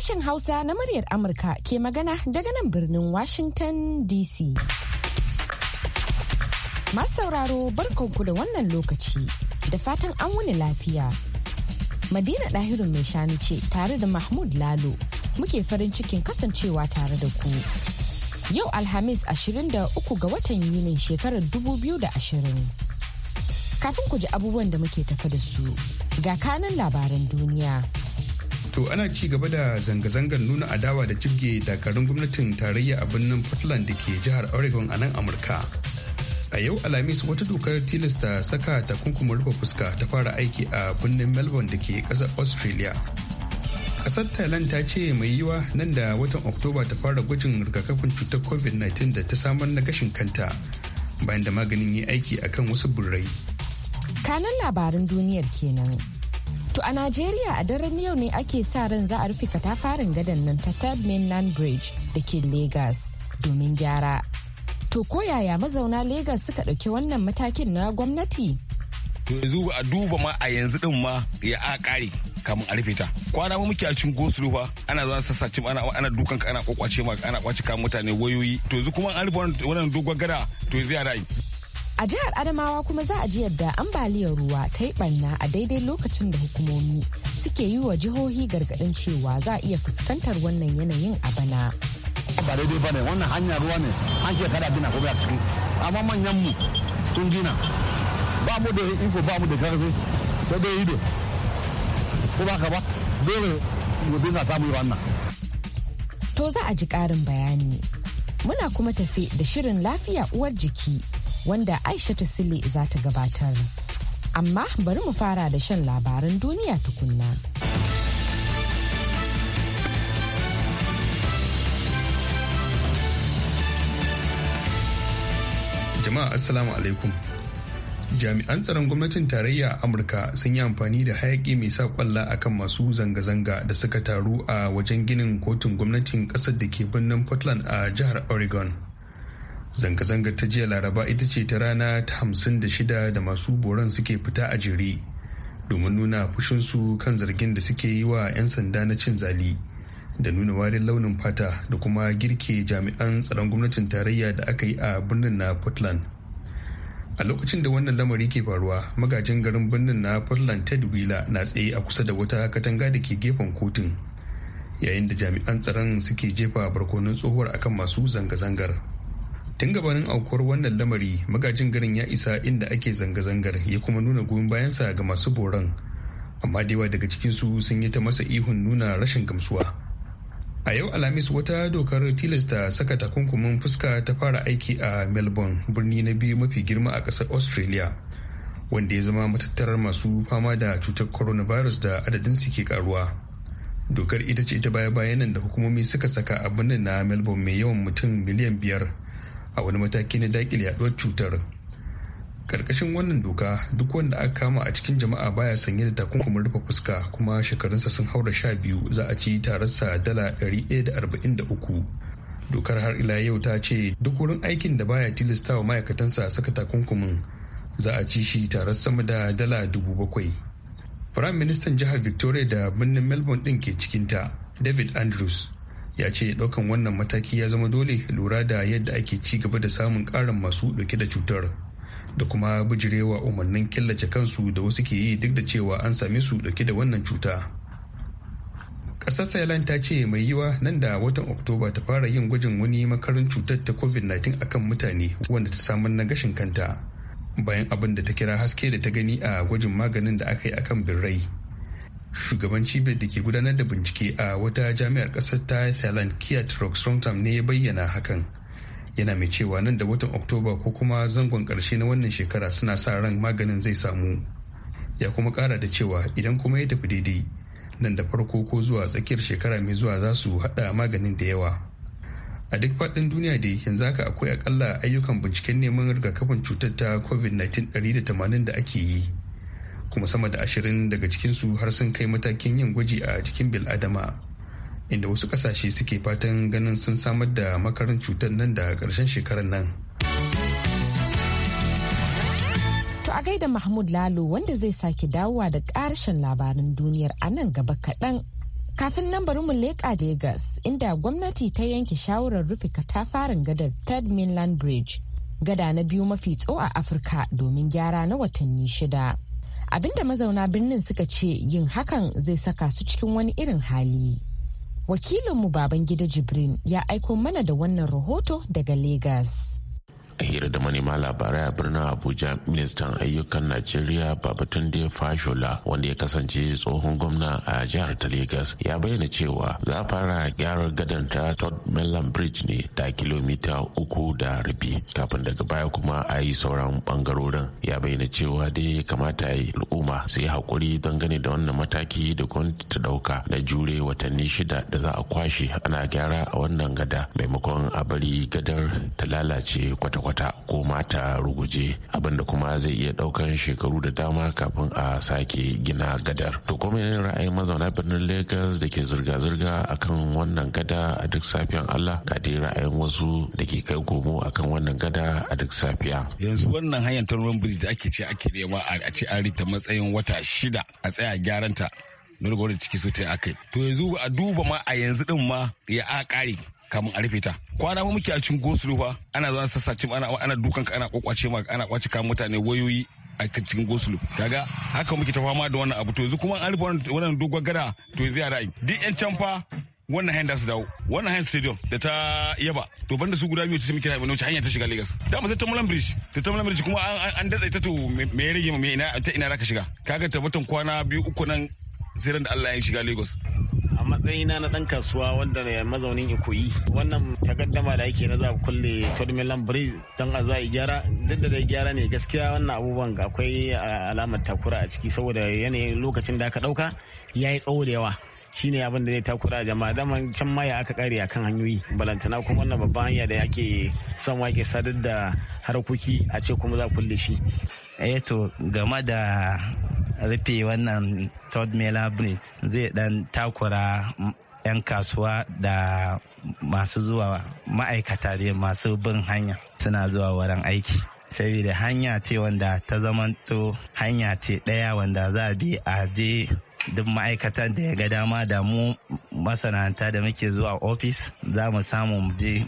Sashen Hausa na muryar Amurka ke magana daga nan birnin Washington DC. Masu sauraro barkanku da wannan lokaci da fatan an wuni lafiya. Madina ɗahirin mai shanu ce tare da Mahmud Lalo muke farin cikin kasancewa tare da ku. Yau Alhamis 23 ga watan Yulin shekarar 2020. kafin ku ji abubuwan da muke tafa da su ga kanan labaran duniya. to ana ci gaba da zanga-zangar nuna adawa da jibge dakarun gwamnatin tarayya a birnin portland da ke jihar oregon a nan amurka a yau alhamis wata dokar tilasta saka takunkumin rufe fuska ta fara aiki a birnin melbourne da ke ƙasar australia kasar thailand ta ce mai yiwa nan da watan oktoba ta fara gwajin rigakafin cutar covid-19 da ta samar na gashin kanta bayan da maganin yi aiki akan wasu burai. kanan labarin duniyar kenan To a Najeriya a daren yau ne ake sa ran za a rufe katafarin gadon nan ta Third Mainland Bridge da ke Lagos domin gyara. To koyaya mazauna Lagos suka ɗauki wannan matakin na gwamnati? To yanzu a duba ma a yanzu ɗin ma ya a ƙari kamun a rufe ta kwana ma muke a cikin gosulu fa ana zuwa sassace ana ana dukan ka ana kwakwace ma ana kwace kan mutane wayoyi to yanzu kuma an rufe wannan dogon gada to yanzu ya ra'ayi A jihar Adamawa kuma za a ji yadda ambaliyar ruwa ta yi barna a daidai lokacin da hukumomi suke yi wa jihohi gargaɗin cewa za a iya fuskantar wannan yanayin a bana. Ba daidai ba ne wannan hanya ruwa ne an ke kada bina kuma ciki amma manyan mu sun gina ba mu da iko ba mu da karfi sai dai ido ko ba ka ba dole mu dinga samu wannan. To za a ji ƙarin bayani. Muna kuma tafe da shirin lafiya uwar jiki wanda Aisha ta Sile za ta gabatar. Amma bari mu fara da shan labaran duniya tukunna. Jama'a Assalamu alaikum. Jami'an tsaron gwamnatin tarayya Amurka sun yi amfani da hayaƙi mai sa kwalla akan masu zanga-zanga da suka taru a wajen ginin kotun gwamnatin ƙasar da ke birnin Portland a jihar Oregon. zanga-zangar ta jiya laraba ita ce ta rana ta hamsin da shida da masu boron suke fita a jere domin nuna fushinsu kan zargin da suke yi wa 'yan sanda na cin zali da nuna warin launin fata da kuma girke jami'an tsaron gwamnatin tarayya da aka yi a birnin na portland a lokacin da wannan lamari ke faruwa magajin garin birnin na portland ted wheeler na tsaye a kusa da wata katanga da ke gefen kotun yayin da jami'an tsaron suke jefa barkonon tsohuwar akan masu zanga-zangar tun gabanin aukuwar wannan lamari magajin garin ya isa inda ake zanga-zangar ya kuma nuna goyon bayansa ga masu boron amma da yawa daga cikinsu sun yi ta masa ihun nuna rashin gamsuwa a yau alhamis wata dokar tilasta saka takunkumin fuska ta fara aiki a melbourne birni na biyu mafi girma a ƙasar australia wanda ya zama matattarar masu fama da cutar coronavirus da su ke karuwa. dokar ita ce ta baya bayanan da hukumomi suka saka a birnin na melbourne mai yawan mutum miliyan biyar a wani mataki na dakile yaduwar cutar karkashin wannan doka duk wanda aka kama a cikin jama'a baya sanye da takunkumin rufe fuska kuma shekarunsa sun haura sha biyu za a ci tararsa dala da da arba'in uku. dokar har ila yau ta ce duk wurin aikin da baya tilasta wa ma'aikatansa saka takunkumin za a ci shi tarar sama da dala dubu bakwai firayim ministan jihar victoria da birnin melbourne din ke cikinta david andrews ya ce ɗaukan wannan mataki ya zama dole lura da yadda ake ci gaba da samun karin masu ɗauke da cutar da kuma bijirewa umarnin killace kansu da wasu ke yi duk da cewa an same su ɗauke da wannan cuta ƙasar thailand ta ce mai yiwa nan da watan oktoba ta fara yin gwajin wani makarin cutar ta covid-19 akan mutane wanda ta samar na gashin kanta bayan abin da ta kira haske da ta gani a gwajin maganin da aka yi akan birrai shugaban cibiyar da ke gudanar da bincike a wata jami'ar ƙasar ta thailand kiat roxromtam ne ya bayyana hakan yana mai cewa nan da watan oktoba ko kuma zangon ƙarshe na wannan shekara suna sa ran maganin zai samu ya kuma ƙara da cewa idan kuma ya tafi daidai nan da farko ko zuwa tsakiyar shekara mai zuwa za su haɗa maganin da yawa a duk faɗin duniya da yanzu haka akwai akalla ayyukan binciken neman rigakafin cutar ta covid-19 180 da ake yi kuma sama da ashirin daga cikinsu har sun kai matakin yin gwaji a jikin biladama inda wasu kasashe suke fatan ganin sun samar da makarin cutar nan da karshen shekarar nan to a gaida mahmud lalo wanda zai sake dawowa da karshen labaran duniyar a nan gaba kaɗan kafin nan bari mu leƙa Legas inda gwamnati ta yanke shawarar rufe katafaren gadar Third Mainland Bridge gada na biyu mafi tso a Afirka domin gyara na watanni shida. abinda mazauna birnin suka ce yin hakan zai saka su cikin wani irin hali wakilinmu baban gida jibrin ya aiko mana da wannan rahoto daga Legas. a hira da manema labarai a birnin abuja ministan ayyukan najeriya babatunde fashola wanda ya kasance tsohon gwamna a jihar ta lagos ya bayyana cewa za a fara gyaran gadon ta todd mellon bridge ne da kilomita uku da rabi kafin daga baya kuma a yi sauran bangarorin ya bayyana cewa dai ya kamata yi al'umma su yi haƙuri gane da wannan mataki da gwamnati ta ɗauka da jure watanni shida da za a kwashe ana gyara a wannan gada maimakon a bari gadar ta lalace kwata-kwata kwata ko mata ruguje abinda kuma zai iya daukan shekaru da dama kafin a sake gina gadar to kuma ne ra'ayin mazauna birnin lagos da ke zirga-zirga akan wannan gada a duk safiyan allah ga dai ra'ayin wasu da ke kai gomo akan wannan gada a duk safiya yanzu wannan hanyar ta ruwan da ake ce ake nema a ce an rita matsayin wata shida a tsaya gyaranta na da ciki su ta akai to yanzu a duba ma a yanzu din ma ya a kare kamun a rufe ta kwana mu muke a cikin gosulu fa ana zuwa sassace ana ana dukan ka ana kokwace ma ana kwace ka mutane wayoyi a cikin gosulu kaga haka muke ta fama da wannan abu to yanzu kuma an rufe wannan dogon gada to zai ra'ayi duk yan can fa wannan hanyar su dawo wannan hanyar stadium da ta yaba to banda su guda biyu ta muke rayu wace hanya ta shiga Lagos da mu sai ta Mulan Bridge da ta Mulan Bridge kuma an datsa ita to me ya rage me ina ta ina zaka shiga kaga tabbatan kwana biyu uku nan sai da Allah ya shiga Lagos matsayina na dan kasuwa wanda mazaunin ikoyi wannan takaddama da ake na za kulle turmilan bridge don a za a gyara duk da dai gyara ne gaskiya wannan abubuwan akwai alamar takura a ciki saboda yanayin lokacin da aka ɗauka ya yi tsawo da yawa shine abin da zai takura jama'a daman can maya aka kare a kan hanyoyi balantana kuma wannan babban hanya da ake son wake sadar da harkoki a ce kuma za kulle shi eto eh, game da rufe wannan third mela bridge zai dan takura 'yan kasuwa da masu zuwa ma'aikata da masu bin hanya suna zuwa wurin aiki saboda hanya ce wanda ta zamanto hanya ce ɗaya wanda za a bi a je duk ma'aikatan da ya ga dama da mu masana'anta da muke zuwa ofis za mu samu mu je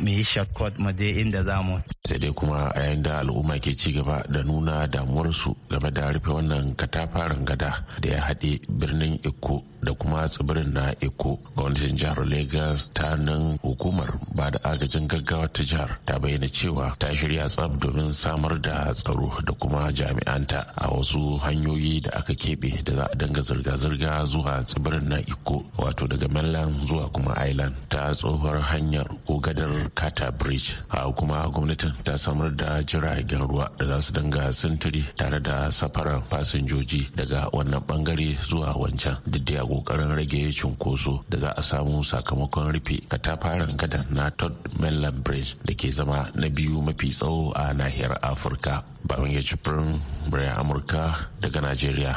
mu yi shakot mu je inda za mu. sai dai kuma a yayin da al'umma ke ci gaba da nuna damuwarsu game da rufe wannan katafaren gada da ya haɗe birnin eko da kuma tsibirin na eko gwamnatin jihar lagos ta nan hukumar ba da agajin gaggawa ta jihar ta bayyana cewa ta shirya tsab domin samar da tsaro da kuma jami'anta a wasu hanyoyi da aka keɓe da za a dinga zirga-zirga zuwa tsibirin na eko wato daga mainland zuwa kuma island ta tsohuwar hanyar ko gadar kata bridge a kuma gwamnatin ta samar da jiragen ruwa da za su dinga sintiri tare da na safarar fasinjoji daga wannan bangare zuwa wancan duk da kokarin rage cunkoso da za a samu sakamakon rufe katafaren gadan na todd mainland bridge da ke zama na biyu mafi tsawo a nahiyar afirka baban ya jibrin bayan amurka daga najeriya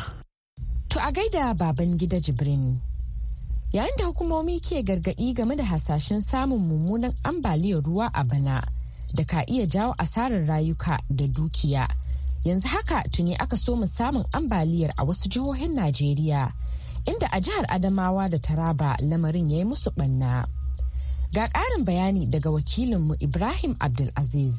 to a gaida baban gida jibrin yayin da hukumomi ke gargadi game da hasashen samun mummunan ambaliyar ruwa a bana da ka iya jawo asarar rayuka da dukiya yanzu haka tuni aka so mu samun ambaliyar a wasu jihohin najeriya inda a jihar adamawa da taraba lamarin ya yi musu ɓanna ga ƙarin bayani daga wakilinmu ibrahim abdulaziz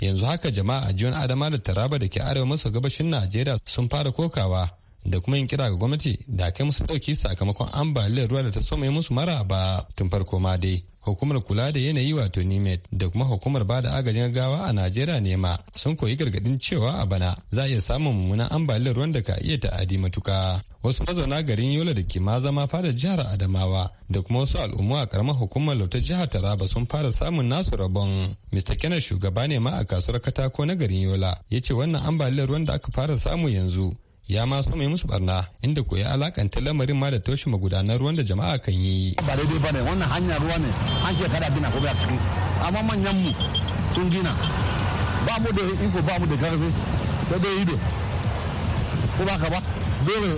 yanzu haka jama'a a jihar Adamawa da taraba da ke arewa maso gabashin najeriya sun fara kokawa da kuma yin kira ga gwamnati da kai musu dauki sakamakon ambaliyar ruwa da ta soma musu maraba tun farko ma dai hukumar kula da yanayi wato nimet da kuma hukumar bada agajin gaggawa a najeriya ne ma sun koyi gargadin cewa a bana za a iya samun mummunan ambaliyar ruwan da ka iya ta'adi matuka wasu mazauna garin yola da ke ma zama fara jihar adamawa da kuma wasu al'ummu a karamar hukumar lauta jihar taraba sun fara samun nasu rabon mr kenan shugaba ne ma a kasuwar katako na garin yola ya ce wannan ambaliyar ruwan da aka fara samu yanzu ya ma so mai musu barna inda ko ya alakanta lamarin ma da toshe magudanar ruwan da jama'a kan yi. Ba daidai ba ne wannan hanya ruwa ne an shekara bina ko a ciki amma manyan mu sun gina ba mu da iko ba mu da karfi sai dai ido ko ba ka ba dole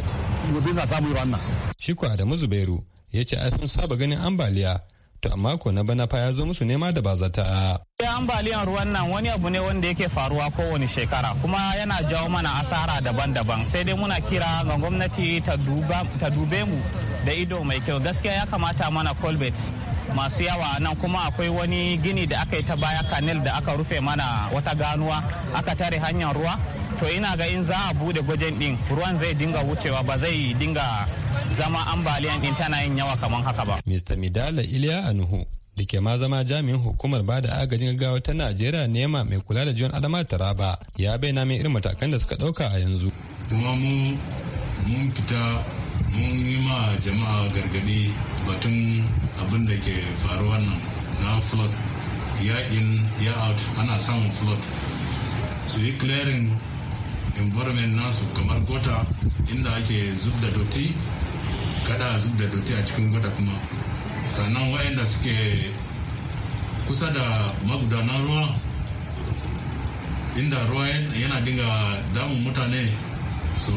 mu dinga samu wannan. Shi ko Adamu Zubairu ya ce ai sun saba ganin ambaliya to amma ko na bana fa ya zo musu nema da bazata. ambaliyan ruwan nan wani abu ne wanda yake faruwa kowane shekara kuma yana jawo mana asara daban-daban sai dai muna kira ga gwamnati ta dube mu da ido mai kyau gaskiya ya kamata mana colbert masu yawa nan kuma akwai wani gini da aka yi ta baya kanil da aka rufe mana wata ganuwa aka tare hanyar ruwa to ina ga in za a bude gwajin din ruwan zai dinga wucewa ba zai dinga zama ambaliyan din tana yin yawa kamar haka ba. Mr. Midala Iliya Anuhu da ke ma zama jami'in hukumar ba da agajin gaggawa ta Najeriya nema mai kula da jiyon adama taraba ya bayyana min irin matakan da suka dauka a yanzu. Kuma mun fita mun yi ma jama'a gargadi batun abin da ke faruwa nan na flood ya in ya out ana samun flood su yi clearing environment nasu kamar gota inda ake zub da doti kada a zub da doti a cikin gota kuma sannan wayanda suke kusa da magudanan ruwa inda ruwa yana dinga damun mutane su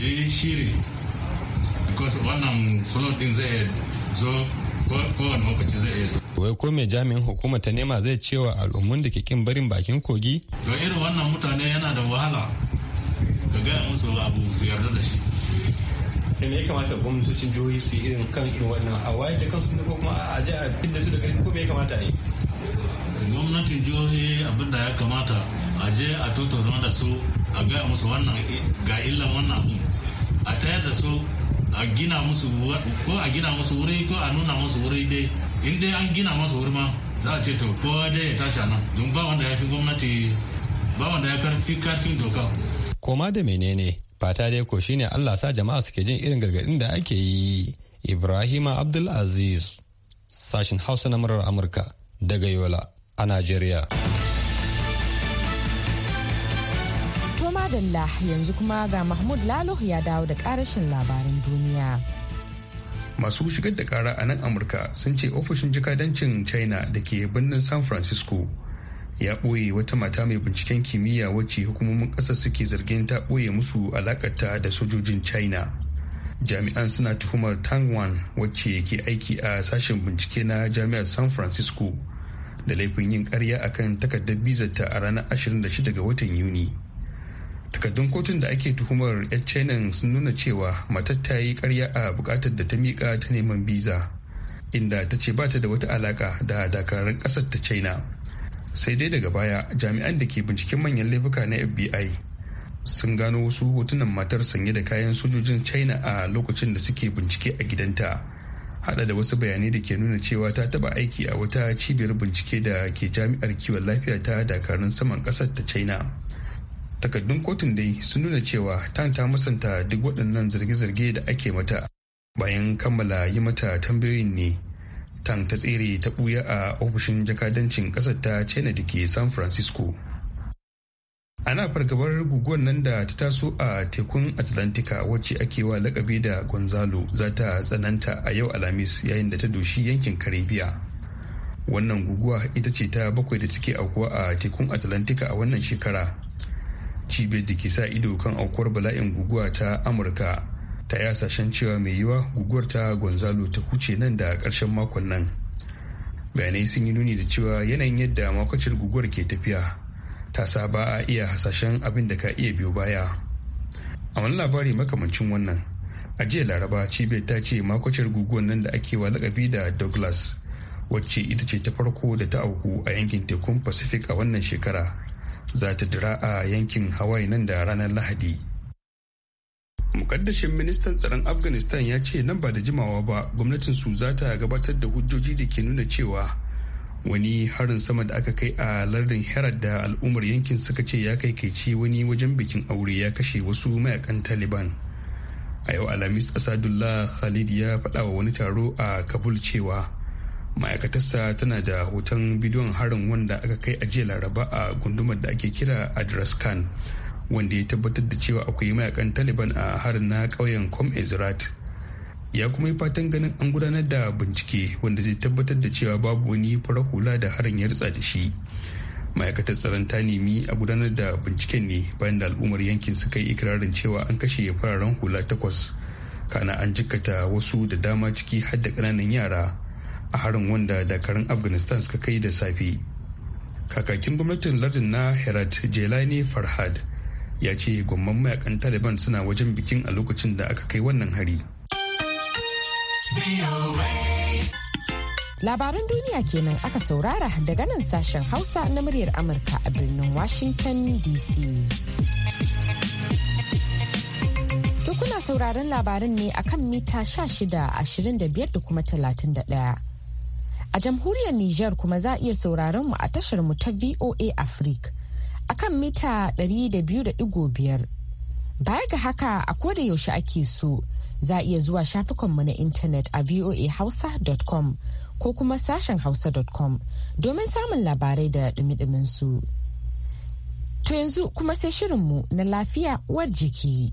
yi shiri because wannan flood din zai zo kowane lokaci zai zo wai ko mai jami'in hukuma ta nema zai cewa al'ummun da ke kin barin bakin kogi ga irin wannan mutane yana da wahala ka gaya musu abu su yarda da shi ya eh, me ya kamata gwamnatocin jihohi su yi irin kan irin wannan a waye da kansu ko kuma a je a fidda su da karfi ko me ya kamata yi gwamnatin jihohi abin da ya kamata a je a tattauna da su a gaya musu wannan ga illan wannan a tayar da su a gina musu ko a gina musu wuri ko a nuna musu wuri dai in dai an gina musu wuri ma za a ce to kowa dai ya tashi nan don ba wanda ya fi gwamnati ba wanda ya karfi karfin doka koma da menene fata dai ko shine Allah sa jama'a suke jin irin gargadin da ake yi Ibrahima Abdul Aziz sashin Hausa na murar Amurka daga Yola a Najeriya. madalla yanzu kuma ga Mahmud Lalo ya dawo da karashin labarin duniya. Masu shigar da kara a nan Amurka sun ce ofishin jikadancin China da ke birnin San Francisco ya ɓoye wata mata mai binciken kimiyya wacce hukumomin ƙasar suke zargin ta ɓoye musu alakata da sojojin China. Jami'an suna tuhumar Tangwan wacce ke aiki a sashen bincike na Jami'ar San Francisco da laifin yin karya akan takardar bizarta a ranar 26 ga watan Yuni. takardun kotun da ake tuhumar chainan sun nuna cewa matar ta yi karya a bukatar da ta miƙa ta neman biza inda ta ce ba ta da wata alaka da dakarun ƙasar ta china sai dai daga baya jami'an da ke binciken manyan laifuka na fbi sun gano wasu hotunan matar sanye da kayan sojojin china a lokacin da suke bincike a gidanta hada da wasu bayanai da ke nuna cewa ta taba aiki a wata cibiyar bincike da ke jami'ar kiwon lafiya ta dakarun saman ƙasar ta china takaddun kotun dai sun nuna cewa tan ta musanta duk waɗannan zarge-zarge da ake mata bayan kammala yi mata tambayoyin ne tan ta tsere ta ɓuya a ofishin jakadancin ƙasar ta china da ke san francisco ana fargabar guguwar nan da ta taso a tekun atlantika wacce ake wa lakabi da gonzalo za ta tsananta a yau alhamis yayin da ta doshi yankin karibiya wannan guguwa ita ce ta bakwai da take aukuwa a tekun atlantika a wannan shekara cibiyar da ke sa ido kan aukuwar bala'in guguwa ta amurka ta yi hasashen cewa mai yiwa guguwar ta gonzalo ta huce nan da karshen makon nan bayanai sun yi nuni da cewa yanayin yadda makwacin guguwar ke tafiya ta sa ba a iya hasashen abin da ka iya biyo baya a wani labari makamancin wannan a jiya laraba cibiyar ta ce makwacin guguwar nan da ake wa lakabi da douglas wacce ita ce ta farko da ta auku a yankin tekun pacific a wannan shekara za ta dira a yankin hawaii nan da ranar lahadi mukaddashin ministan tsaron afghanistan ya ce nan ba da jimawa ba gwamnatin su za ta gabatar da hujjoji da ke nuna cewa wani harin sama da aka kai a lardin herat da al'ummar yankin suka ce ya kai kaici wani wajen bikin aure ya kashe wasu mayakan taliban a yau alhamis asadullah khalid ya faɗa wa wani taro a kabul cewa ma'aikatarsa tana da hoton bidiyon harin wanda aka kai a jiya laraba a gundumar da ake kira adras khan wanda ya tabbatar da cewa akwai mayakan taliban a harin na ƙauyen kom ezrat ya kuma yi fatan ganin an gudanar da bincike wanda zai tabbatar da cewa babu wani fara hula da harin ya ritsa da shi ma'aikatar tsaron ta nemi a gudanar da binciken ne bayan da al'ummar yankin suka yi ikirarin cewa an kashe fararen hula takwas kana an jikkata wasu da dama ciki har da ƙananan yara a harin wanda dakarun afghanistan suka kai da safe kakakin gwamnatin lardin na herat jelani farhad ya ce gwamman mayakan taliban suna wajen bikin a lokacin da aka kai wannan hari labaran duniya kenan aka saurara daga nan sashen hausa na muryar amurka a birnin washington dc kuna sauraron labaran ne akan mita 16 25 da kuma 31 A jamhuriyar Nijar kuma za a iya sauraron mu a tashar mu ta VOA Africa a kan mita 200.5. Baya ga haka a koda yaushe ake so za a iya zuwa shafukanmu na intanet a voahausa.com ko kuma sashen hausa.com domin samun labarai da dumi su. To yanzu kuma sai shirin mu na lafiya uwar jiki.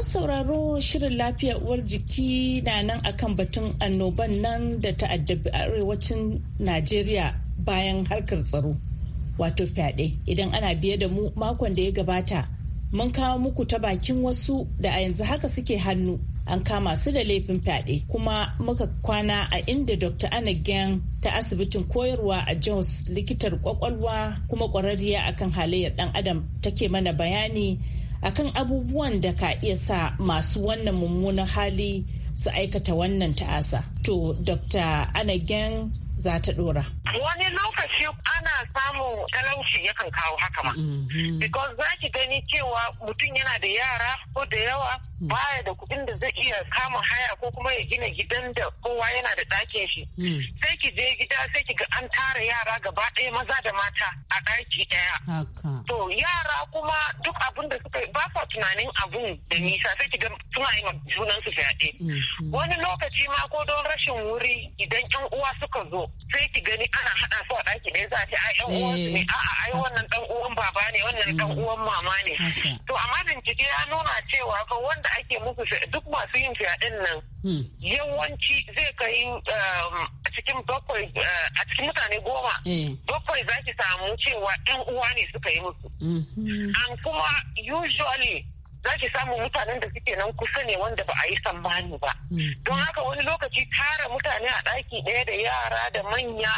Masu sauraro shirin lafiyar uwar jiki na nan akan batun annoban nan da ta'addabi arewacin Najeriya bayan harkar tsaro wato fyaɗe idan ana biye da mu makon da ya gabata mun kawo muku ta bakin wasu da a yanzu haka suke hannu an kama su da laifin fyaɗe kuma muka kwana a inda dr gang ta asibitin koyarwa a Jones likitar kwakwalwa kuma kwararriya akan halayyar dan adam take mana bayani akan abubuwan da ka iya sa masu wannan mummunan hali su aikata wannan ta'asa. to Dr. Anagen za ta dora. Wani lokaci ana samun talauci yakan kawo haka ma. Mm-hmm. Because za ki gani cewa mutum yana da yara ko da yawa mm. baya da kuɗin da zai iya kama haya ko kuma ya gina gidan da kowa yana da ɗakin shi. Mm. Sai ki je gida sai ki ga an tara yara gaba ɗaya maza da mata a ɗaki ɗaya. To yara kuma duk abin da suka ba sa tunanin abun da nisa sai ki ga suna yi junansu fyaɗe. Mm-hmm. Wani lokaci ma ko don rashin wuri idan yan uwa suka zo sai ki gani ana hada su a ɗaki ɗaya za a ce ai yan ne eh. a'a ai wannan dan uwan baba ne wannan dan mm. uwan mama ne to amma bincike ya nuna cewa ko wanda ake musu duk masu yin fyaɗen nan hmm. yawanci zai kai um, a cikin bakwai uh, a cikin mutane goma eh. bakwai za ki samu cewa yan uwa ne suka yi musu mm-hmm. an kuma usually za ki samu mutanen da suke nan kusa ne wanda ba a yi tsammani ba mm. don haka wani lokaci tara mutane a ɗaki ɗaya da yara da manya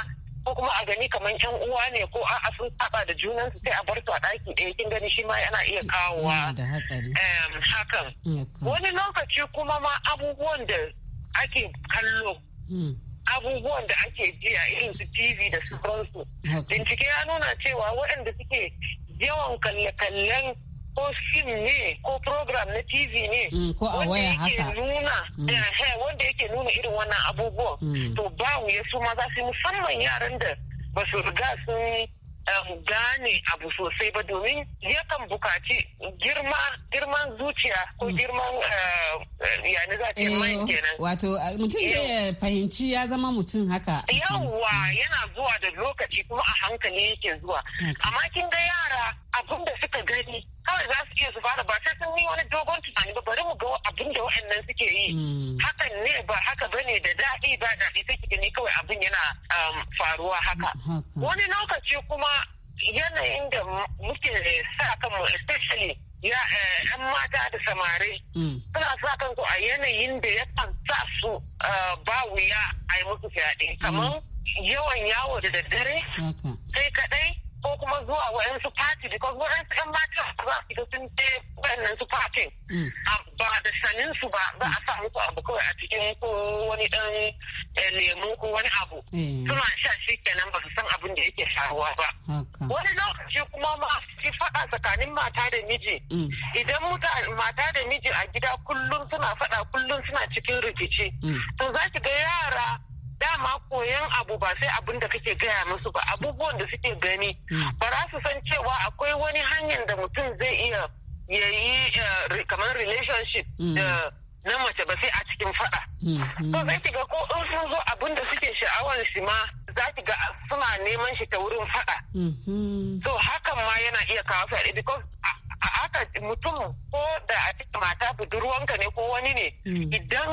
ko kuma a gani kamar yan uwa ne ko a'a sun saba da junan su sai a bar su a ɗaki ɗaya kin gani shi ma yana iya mm, kawowa hakan mm, wani lokaci kuma ma abubuwan da ake kallo abubuwan da ake ji a irin su TV da su. Bincike ya nuna cewa waɗanda suke yawan kalle-kallen ko fim ne ko program na tv ne mm, ko a waya haka nuna mm. eh, wanda yake nuna irin wannan abubuwan mm. to ba wuya su ma za su musamman yaran da ba su riga sun gane abu sosai ba domin yakan bukaci girman zuciya ko girman eh, yani za ta yi eh, kenan. Wato mutum da ya fahimci ya zama mutum haka. Yawwa yana zuwa da lokaci kuma a hankali yake zuwa. Amma kin ga yara abin da suka gani kawai za su iya su fara ba sai sun yi wani dogon tunani ba bari mu ga abin da waɗannan suke yi hmm. hakan ne ba haka ba ne da daɗi ba daɗi sai ki gani kawai abin yana um, faruwa haka wani lokaci kuma yanayin da muke sa kanmu especially ya yan eh, mata da samari hmm. suna sa kanku a yanayin da ya kan sa su uh, ba wuya a yi musu fyaɗe hmm. kamar yawan yawo da daddare sai kaɗai ko kuma zuwa wa'yansu fati because wa'yansu 'yan mata za su sun je wa'yannan su fatin mm. ah, ba da sanin su ba za a sa musu abu kawai a cikin ko wani ɗan eh, lemu ko wani abu eh. suna sha shi kenan ba su san abin da yake faruwa ba wani lokaci kuma ma shi faɗa tsakanin mata da miji mm. idan mata da miji a gida kullum suna faɗa kullum suna cikin rikici mm. to za ki ga yara dama koyan abu ba sai abin da kake gaya musu ba abubuwan da suke gani hmm. ba za su san cewa akwai wani hanyar da mutum zai iya ya yi eh, kamar relationship da hmm. eh, na mace ba sai a cikin fada. Hmm, to zai ki ga ko in sun zo abin da suke sha'awar shi ma za ki ga suna neman shi ta wurin fada. So hakan ma yana iya kawo fyaɗe because a haka mutum ko da a cikin mata budurwanka ne ko wani ne idan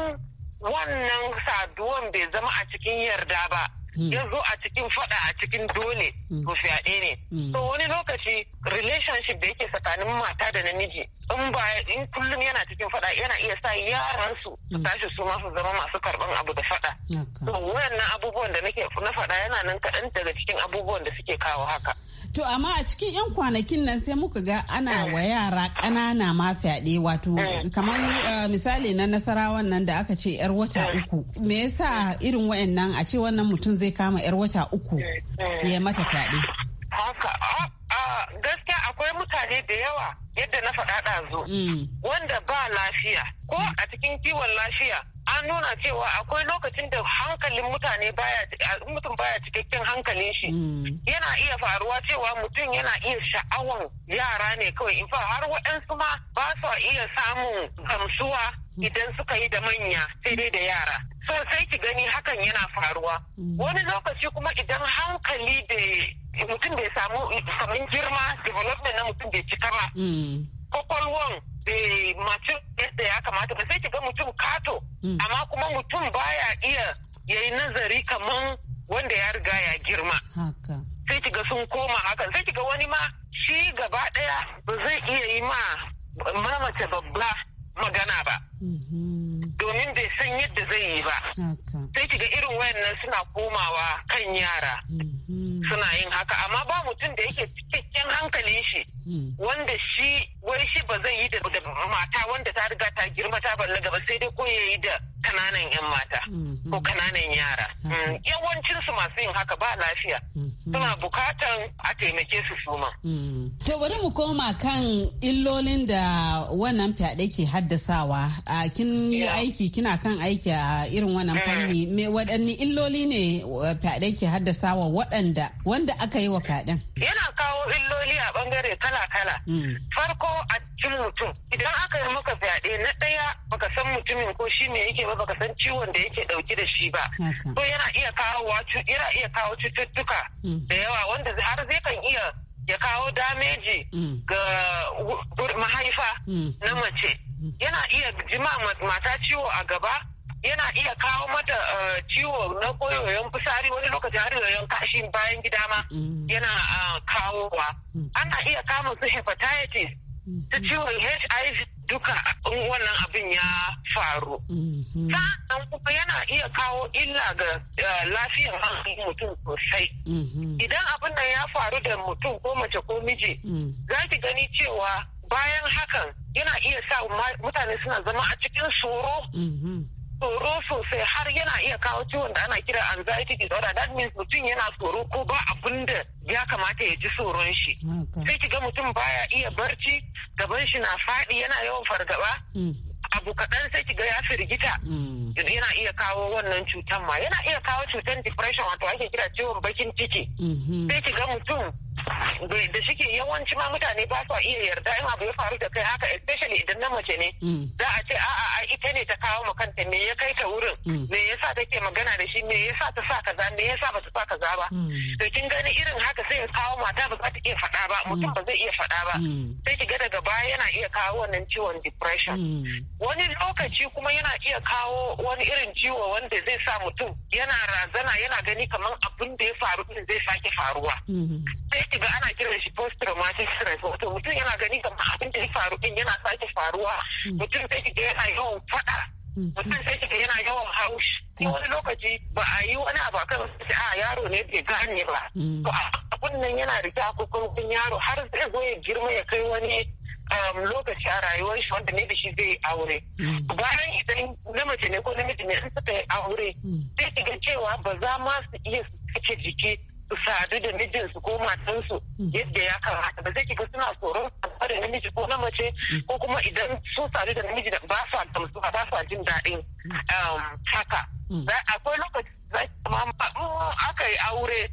wannan saduwan bai zama a cikin yarda ba Hmm. ya zo a cikin fada a cikin dole hmm. to fyaɗe ne to hmm. wani lokaci relationship da yake tsakanin mata da namiji in ba in kullum yana cikin fada yana iya sa yaran su tashi su ma su zama masu karɓan abu da fada. to wayannan abubuwan da nake na fada yana nan kaɗan daga cikin abubuwan da suke kawo haka to amma a cikin yan kwanakin nan sai muka ga ana wa yara ƙanana ma fyaɗe wato kamar eh, misali na nasarawan nan da aka ce yar wata uku me yasa irin wayannan a ce wannan mutum zai zai kama 'yar wata uku ya mata fyaɗe. gaskiya akwai mutane da yawa yadda na faɗa zo. Mm. wanda ba lafiya ko a cikin kiwon lafiya an nuna cewa akwai lokacin da hankalin mutane baya mutum baya cikakken hankalin shi mm. yana iya faruwa cewa mutum yana iya sha'awan yara ne kawai in fa har waɗansu ma ba sa iya samun gamsuwa Mm. idan suka yi da manya sai dai da yara so sai ki gani hakan yana faruwa mm. wani lokaci kuma idan hankali da mutum bai samu samun girma development na mutum bai cika ba mm. kwakwalwan bai mace yadda ya kamata ba sai ki ga mutum kato amma kuma mutum baya iya yayi nazari kaman wanda ya riga ya girma sai ki ga sun koma hakan sai ki ga wani ma shi gaba ɗaya ba zai iya yi ma mamace babba magana ba. Mhm. Domin bai san yadda zai yi ba. Sai kiga irin wayannan suna komawa kan yara. Mhm. Suna yin haka amma ba mutum da yake cikakken hankalin shi mm. wanda shi wai shi ba zai yi da mata wanda ta riga ta girma ta ballaga ba sai dai ko ya yi da kananan 'yan mata mhm. ko kananan yara. Mm, yawancinsu masu yin haka ba lafiya. Mm. suna bukatan a taimake su suma. Mm. To bari mu koma kan illolin da wannan fyaɗe ke haddasawa. A kin yi aiki kina kan aiki a irin wannan mm. fanni. Me waɗanne illoli ne uh, fyaɗe ke haddasawa waɗanda wanda aka yi wa fyaɗen? Yana kawo illoli a ɓangare kala-kala. Mm. Farko a cikin mutum. Idan aka yi maka fyaɗe na ɗaya baka san mutumin ko shi me yake ba baka san ciwon da yake ɗauki da shi ba. To yana iya kawo cututtuka. da yawa wanda har zai kan iya ya kawo dameji mm. ga mahaifa mm. na mace yana iya jima mata ciwo a gaba yana iya kawo mata eh, ciwo na koyoyon fusari wani lokacin har yoyon kashin bayan gida ma mm. yana eh, kawowa ana iya kama su hepatitis ta ciwon hiv duka wannan abin ya faru. Mhm. Sa'an kuma yana iya kawo illa ga eh, lafiyar hankalin mutum sosai. Mhm. Idan abin nan ya faru da mutum ko mace ko miji, mm. za ki gani cewa bayan hakan yana iya sa mutane suna zama a cikin tsoro. Mhm. tsoro sosai har yana iya kawo ciwon da ana kira anxiety disorder that means mutum yana tsoro ko ba abun da ya kamata ya ji tsoron shi sai ki ga mutum baya iya barci gaban shi na faɗi yana yawan fargaba mm. abu kaɗan sai ki ga ya firgita mm. yana iya kawo wannan cutan ma yana iya kawo cutan depression wato ake kira ciwon bakin ciki mm-hmm. sai ki ga mutum da shike yawanci ma mutane ba sa iya yarda in abu ya faru da kai haka especially idan na mace ne mm. za a ce a'a a ita ne ta kawo ma kanta me ya kai ta wurin mm. me yasa take magana da shi me yasa ta sa kaza me yasa ba ta sa kaza ba mm. to kin gani irin haka sai ya kawo mata ba za ta iya faɗa ba mutum ba zai iya faɗa ba sai ki ga daga baya yana iya kawo wannan ciwon depression wani lokaci kuma yana iya kawo wani irin ciwo wanda zai sa mutum yana razana yana gani kamar abin da ya faru zai sake faruwa sai ki ga ana kira shi post traumatic stress wato mutum yana gani ga abin da ya faru din yana sake faruwa hmm. mutum sai ki ga yana yawan fada hmm. hmm. mutum sai ki ga yana yawan haushi wani lokaci ba a yi wani abu su sai a ah, yaro ne bai gane ba to abun nan yana rike a kokorin yaro har zai zo ya girma ya kai wani um, lokaci a rayuwar shi wanda ne da shi zai aure. Bayan idan namiji ne ko namiji ne in suka yi aure, sai ki ga cewa ba za ma su iya su jiki sadu da mijinsu ko matansu hmm. yadda ya kamata ba zai ki ga suna tsoron saduwa da namiji ko na mace hmm. ko kuma idan sun sadu da namiji da ba sa gamsuwa ba sa jin daɗin hmm. um, haka akwai lokaci za ki mm, aka yi aure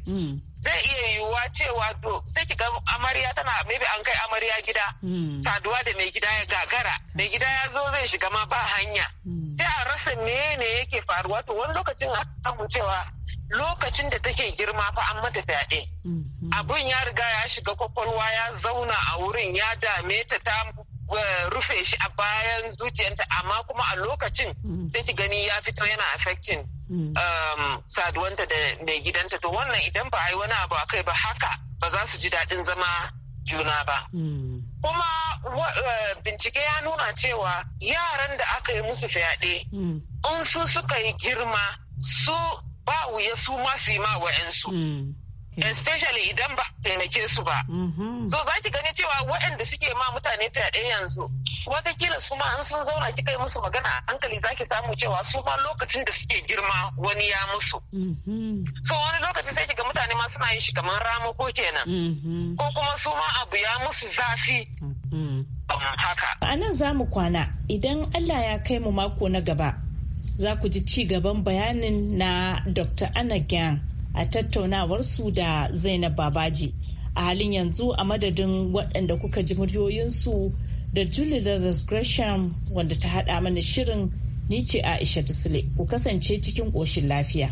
zai iya yiwuwa cewa to sai ki ga amarya tana maybe an kai amarya gida saduwa da mai gida ya gagara mai gida ya zo zai shiga ma ba hanya sai a rasa mene yake faruwa to wani lokacin aka samu cewa lokacin da take girma fa an mata fyaɗe. Mhm. Abun ya riga ya shiga kwakwalwa ya zauna a wurin ya dame ta ta eh, rufe shi a bayan zuciyanta amma kuma a lokacin mhm. sai ki gani ya fito yana affecting mhm. um, saduwanta da mai gidanta to wannan idan ba a yi wani abu a kai ba haka ba za su ji daɗin zama juna ba. Kuma eh, bincike ya nuna cewa yaran da aka yi musu fyaɗe in su suka yi girma su ba wuya su ma su yi ma wa'yansu. Mm, especially idan ba taimake su ba. Mm-hmm. So za ki gani cewa waɗanda suke ma mutane fyaɗe yanzu watakila su ma in sun zauna kika yi musu magana a hankali za ki samu cewa su ma lokacin da suke girma wani ya musu. Mm-hmm. So wani lokaci sai ga mutane ma suna yin shi kamar ko kenan. Mm-hmm. Ko kuma su ma abu ya musu zafi. Haka. A nan za mu kwana idan Allah ya kai mu mako na gaba za ku ji ci gaban bayanin na Dr. Anna gyan a tattaunawarsu da Zainab Babaji. A halin yanzu a madadin waɗanda kuka ji muryoyinsu da Julie Lathers Gresham wanda ta haɗa mana shirin ni ce Aisha Tusle ku kasance cikin ƙoshin lafiya.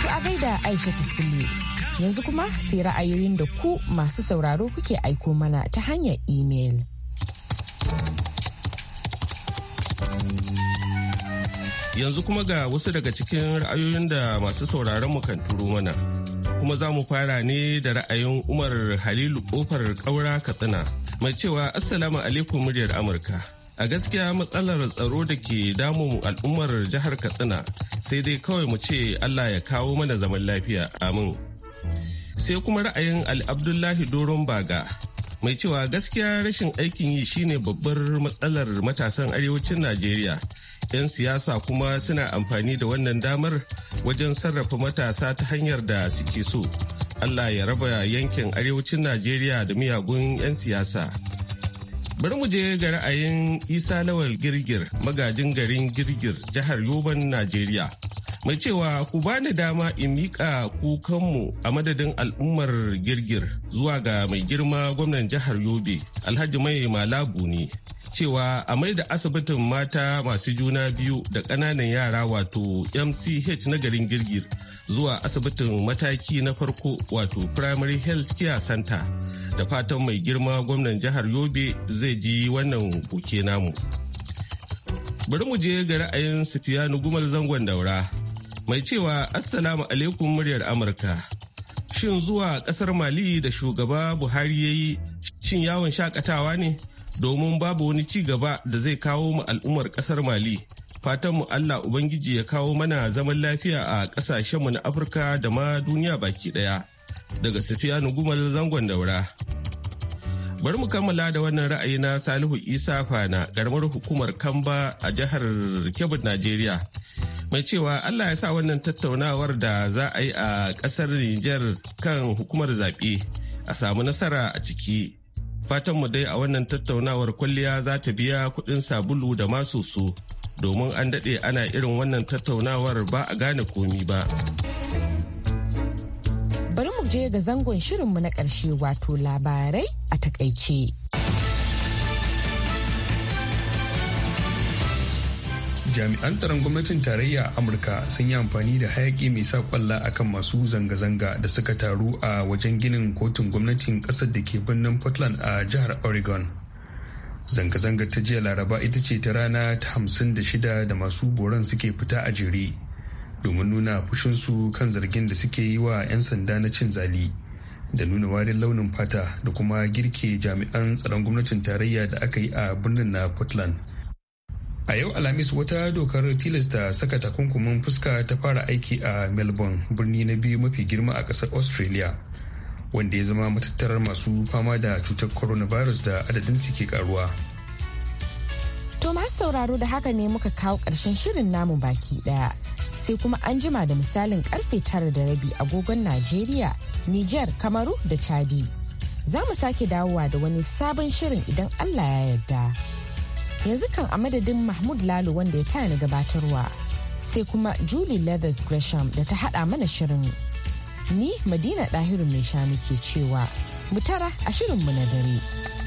To a gaida Aisha Tusle yanzu kuma sai ra'ayoyin da ku masu sauraro kuke aiko mana ta hanyar imel. Yanzu kuma ga wasu daga cikin ra'ayoyin da masu sauraron mu kan turo mana. Kuma za mu fara ne da ra'ayin Umar Halilu Kofar Kaura Katsina mai cewa Assalamu alaikum muryar Amurka. A gaskiya matsalar tsaro da ke damun al'ummar jihar Katsina sai dai kawai mu ce Allah ya kawo mana zaman lafiya amin. Sai kuma ra'ayin Ali Abdullahi Doron Baga mai cewa gaskiya rashin aikin yi shine babbar matsalar matasan arewacin najeriya 'yan siyasa kuma suna amfani da wannan damar wajen sarrafa matasa ta hanyar da suke so allah ya raba yankin arewacin najeriya da miyagun 'yan siyasa bari mu je ga ra'ayin isa lawal girgir magajin garin girgir jihar yoban najeriya mai cewa ku bani dama in miƙa kukanmu a madadin al'ummar girgir zuwa ga mai girma gwamnan jihar yobe alhaji mai malabu ne cewa a mai da asibitin mata masu juna biyu da ƙananan yara wato mch na garin girgir zuwa asibitin mataki na farko wato primary health care center da fatan mai girma gwamnan jihar yobe zai ji wannan kuke namu bari mu je ga ra'ayin sufiyanu gumal zangon daura mai cewa assalamu alaikum muryar amurka shin zuwa kasar mali da shugaba buhari ya yi shin yawon shakatawa ne domin babu wani ci gaba da zai kawo mu al'ummar kasar mali fatanmu allah ubangiji ya kawo mana zaman lafiya a kasashenmu na afirka da ma duniya baki daya daga sufiyanu gumal zangon daura bari mu kammala da wannan ra'ayi na salihu isa fana garmar hukumar kamba a jihar kebbi najeriya mai cewa Allah ya sa wannan tattaunawar da za a yi a ƙasar Nijar kan hukumar zaɓe a samu nasara a ciki. Fatanmu dai a wannan tattaunawar kwalliya za ta biya kuɗin sabulu da masoso domin an daɗe ana irin wannan tattaunawar ba a gane komi ba. Bari mu je ga zangon shirinmu na ƙarshe wato labarai a takaice. jami'an tsaron gwamnatin tarayya amurka sun yi amfani da hayaki mai sa kwalla akan masu zanga-zanga da suka taru a wajen ginin kotun gwamnatin ƙasar da ke birnin portland a jihar oregon zanga-zanga ta jiya laraba ita ce ta rana ta hamsin da shida da masu boron suke fita a jere domin nuna fushinsu kan zargin da suke yi wa 'yan sanda na cin zali da nuna warin launin fata da kuma girke jami'an tsaron gwamnatin tarayya da aka yi a birnin na portland a yau alhamis wata dokar tilasta saka takunkumin fuska ta fara aiki a melbourne birni na biyu mafi girma a ƙasar australia wanda ya zama matattarar masu fama da cutar coronavirus da adadin su ke karuwa to masu sauraro da haka ne muka kawo ƙarshen shirin namu baki ɗaya sai kuma an jima da misalin karfe tara da rabi agogon Najeriya, Nijar, Kamaru da Chadi. Za mu sake dawowa da wani sabon shirin idan Allah ya yarda. yanzu kan a madadin mahmud lalo wanda ya taya gabatarwa sai kuma julie leathers gresham da ta hada mana shirin ni madina dahiru mai shanu ke cewa mu tara a shirinmu na dare.